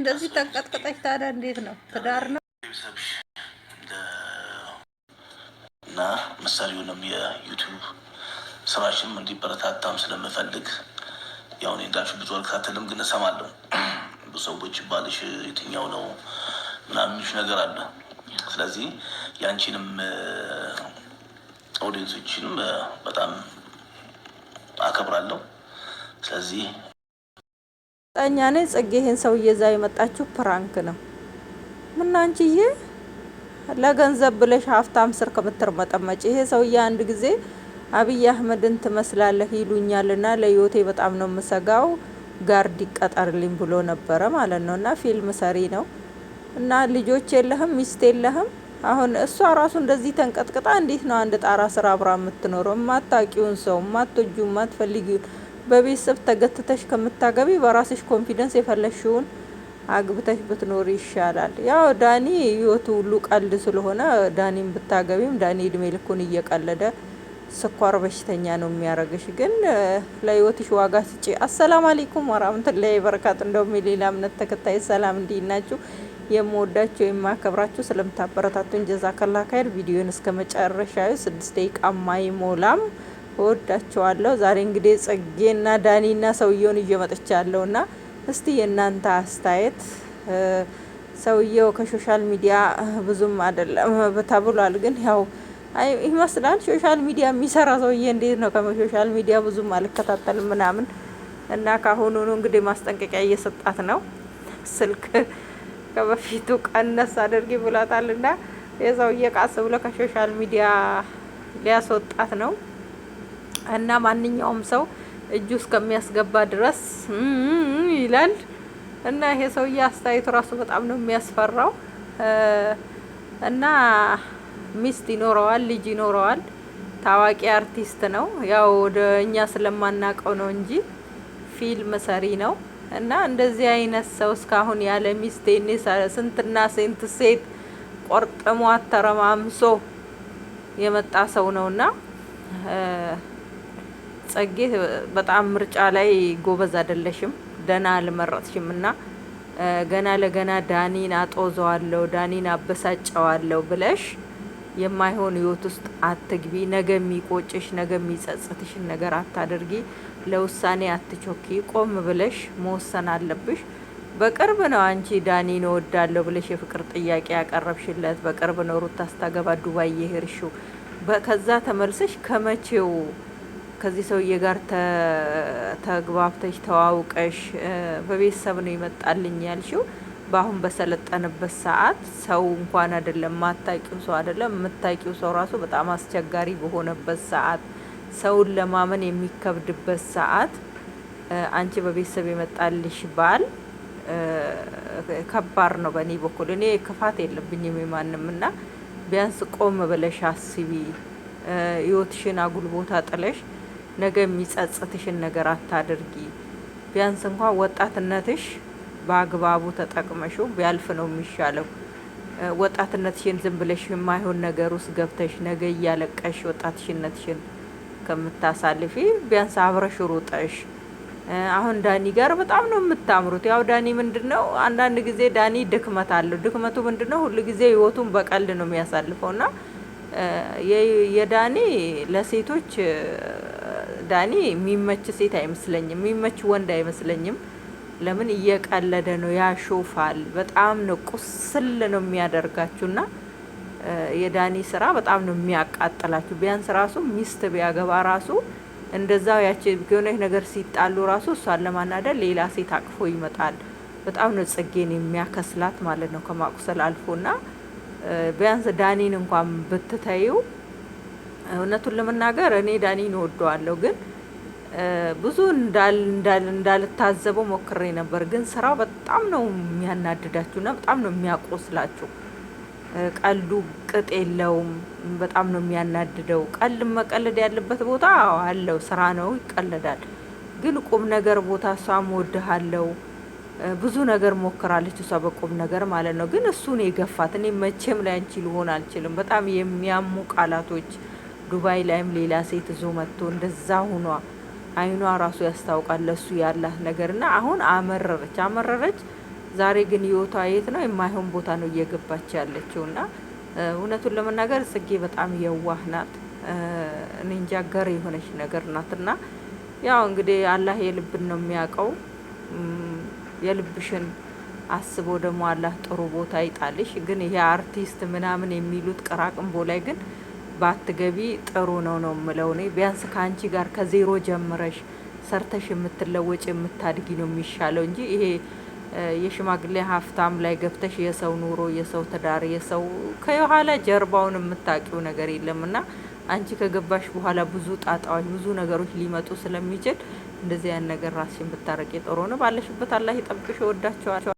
እንደዚህ ተንቀጥቅጠች ታዲያ እንዴት ነው ትዳር ነው? እና ምሳሌውንም የዩቱብ ስራችንም እንዲበረታታም ስለምፈልግ ያው እኔ እንዳልሽ ብዙ አልከታተልም፣ ግን እሰማለሁ ብዙ ሰዎች ባልሽ የትኛው ነው ምናምን የሚልሽ ነገር አለ። ስለዚህ የአንቺንም ኦዲየንሶችንም በጣም አከብራለሁ። ስለዚህ ጠኛ ነኝ ጽጌ ይሄን ሰውዬ እዛ የመጣችሁ ፕራንክ ነው። ምን ለገንዘብ ብለሽ ሀብታም ስር ከምትርመጠመጭ ይሄ ሰውዬ አንድ ጊዜ አብይ አህመድን ትመስላለህ ይሉኛልና ለዮቴ በጣም ነው የምሰጋው ጋርድ ይቀጠርልኝ ብሎ ነበረ ማለት ነው። እና ፊልም ሰሪ ነው እና ልጆች የለህም ሚስት የለህም። አሁን እሷ ራሱ እንደዚህ ተንቀጥቅጣ እንዴት ነው አንድ ጣራ ስራ አብራ የምትኖረው? የማታውቂውን ሰው የማትወጂውን የማትፈልጊውን በቤተሰብ ተገትተሽ ከምታገቢ በራስሽ ኮንፊደንስ የፈለሽውን አግብተሽ ብትኖር ይሻላል። ያው ዳኒ ህይወቱ ሁሉ ቀልድ ስለሆነ ዳኒን ብታገቢም ዳኒ እድሜ ልኩን እየቀለደ ስኳር በሽተኛ ነው የሚያደርግሽ። ግን ለህይወትሽ ዋጋ ስጪ። አሰላም አለይኩም ወራህመቱላሂ ወበረካቱ። እንደውም የሌላ እምነት ተከታይ ሰላም፣ እንዲናችሁ ናችሁ? የምወዳችሁ የማከብራችሁ ስለምታበረታቱን ጀዛከላ ካይር። ቪዲዮን እስከ መጨረሻዊ ስድስት ደቂቃ ማይሞላም ወዳቸዋለሁ። ዛሬ እንግዲህ ጽጌና ዳኒና ሰውየውን ይዤ መጥቻለሁ እና እስቲ የእናንተ አስተያየት ሰውየው ከሶሻል ሚዲያ ብዙም አይደለም ተብሏል፣ ግን ያው ይመስላል ሶሻል ሚዲያ የሚሰራ ሰውዬ እንዴት ነው? ከሶሻል ሚዲያ ብዙም አልከታተልም ምናምን እና ካሁኑኑ እንግዲህ ማስጠንቀቂያ እየሰጣት ነው። ስልክ ከበፊቱ ቀነስ አድርጊ ብሏታል ና የሰውዬ ቃስ ብሎ ከሶሻል ሚዲያ ሊያስወጣት ነው። እና ማንኛውም ሰው እጁ እስከሚያስገባ ድረስ ይላል። እና ይሄ ሰውዬ አስተያየቱ ራሱ በጣም ነው የሚያስፈራው። እና ሚስት ይኖረዋል፣ ልጅ ይኖረዋል። ታዋቂ አርቲስት ነው። ያው ወደ እኛ ነው እንጂ ፊልም ሰሪ ነው። እና እንደዚህ አይነት ሰው እስካሁን ያለ ሚስት ስንትና ስንት ሴት ቆርጥሟት ተረማምሶ የመጣ ሰው ነውና ጸጌ በጣም ምርጫ ላይ ጎበዝ አይደለሽም፣ ደህና አልመረጥሽም እና ገና ለገና ዳኒን አጦዘዋለሁ፣ ዳኒን አበሳጨዋለሁ ብለሽ የማይሆን ህይወት ውስጥ አትግቢ። ነገ የሚቆጭሽ ነገ የሚጸጽትሽን ነገር አታደርጊ። ለውሳኔ አትቾኪ። ቆም ብለሽ መወሰን አለብሽ። በቅርብ ነው አንቺ ዳኒን እወዳለሁ ብለሽ የፍቅር ጥያቄ ያቀረብሽለት። በቅርብ ነው ሩታ ስታገባ ዱባይ የሄድሽው። ከዛ ተመልሰሽ ከመቼው ከዚህ ሰውዬ ጋር ተግባብተሽ ተዋውቀሽ በቤተሰብ ነው ይመጣልኝ ያልሽው በአሁን በሰለጠንበት ሰዓት ሰው እንኳን አይደለም ማታቂው ሰው አይደለም የምታቂው ሰው ራሱ በጣም አስቸጋሪ በሆነበት ሰዓት ሰውን ለማመን የሚከብድበት ሰዓት አንቺ በቤተሰብ የመጣልሽ ባል ከባድ ነው። በእኔ በኩል እኔ ክፋት የለብኝም የማንም እና ቢያንስ ቆም ብለሽ አስቢ። ህይወትሽን አጉል ቦታ ጥለሽ ነገ የሚጸጽትሽን ነገር አታድርጊ። ቢያንስ እንኳ ወጣትነትሽ በአግባቡ ተጠቅመሹ ቢያልፍ ነው የሚሻለው። ወጣትነትሽን ዝም ብለሽ የማይሆን ነገር ውስጥ ገብተሽ ነገ እያለቀሽ ወጣትሽነትሽን ከምታሳልፊ ቢያንስ አብረሽ ሩጠሽ። አሁን ዳኒ ጋር በጣም ነው የምታምሩት። ያው ዳኒ ምንድን ነው አንዳንድ ጊዜ ዳኒ ድክመት አለው። ድክመቱ ምንድን ነው? ሁሉ ጊዜ ህይወቱን በቀልድ ነው የሚያሳልፈው እና የዳኒ ለሴቶች ዳኒ የሚመች ሴት አይመስለኝም፣ የሚመች ወንድ አይመስለኝም። ለምን እየቀለደ ነው፣ ያሾፋል። በጣም ነው ቁስል ነው የሚያደርጋችሁና የዳኒ ስራ በጣም ነው የሚያቃጥላችሁ። ቢያንስ ራሱ ሚስት ቢያገባ ራሱ እንደዛው ያቺ የሆነ ነገር ሲጣሉ ራሱ እሷን ለማናደ ሌላ ሴት አቅፎ ይመጣል። በጣም ነው ጽጌን የሚያከስላት ማለት ነው ከማቁሰል አልፎና ቢያንስ ዳኒን እንኳን ብትተዩ እውነቱን ለመናገር እኔ ዳኒን እወደዋለሁ ግን ብዙ እንዳልታዘበው ሞክሬ ነበር። ግን ስራው በጣም ነው የሚያናድዳችሁና በጣም ነው የሚያቆስላችሁ። ቀልዱ ቅጥ የለውም። በጣም ነው የሚያናድደው። ቀል መቀለድ ያለበት ቦታ አለው፣ ስራ ነው ይቀለዳል። ግን ቁም ነገር ቦታ እሷም ወድሃለው ብዙ ነገር ሞክራለች እሷ በቁም ነገር ማለት ነው። ግን እሱን የገፋት። እኔ መቼም ላይ አንቺ ልሆን አልችልም። በጣም የሚያሙ ቃላቶች ዱባይ ላይም ሌላ ሴት እዞ መጥቶ እንደዛ ሁኗ አይኗ ራሱ ያስታውቃል ለሱ ያላት ና አሁን አመረረች አመረረች። ዛሬ ግን ህይወቷ የት ነው የማይሆን ቦታ ነው እየገባች ያለችው ና እውነቱን ለመናገር ጽጌ በጣም የዋህ ናት። እንጃ ገር የሆነች ነገር ናትና ያው እንግዲህ አላህ የልብን ነው የሚያውቀው። የልብሽን አስቦ ደግሞ አላህ ጥሩ ቦታ ይጣልሽ። ግን ይሄ አርቲስት ምናምን የሚሉት ቅራቅንቦ ላይ ግን ባትገቢ ጥሩ ነው ነው የምለው እኔ ቢያንስ ከአንቺ ጋር ከዜሮ ጀምረሽ ሰርተሽ የምትለወጭ የምታድጊ ነው የሚሻለው እንጂ ይሄ የሽማግሌ ሀብታም ላይ ገብተሽ የሰው ኑሮ፣ የሰው ትዳር፣ የሰው ከኋላ ጀርባውን የምታውቂው ነገር የለም እና አንቺ ከገባሽ በኋላ ብዙ ጣጣዎች፣ ብዙ ነገሮች ሊመጡ ስለሚችል እንደዚህ ያን ነገር ራስሽን ብታረቂ ጥሩ ነው። ባለሽበት አላህ ይጠብቅሽ። ወዳቸዋል።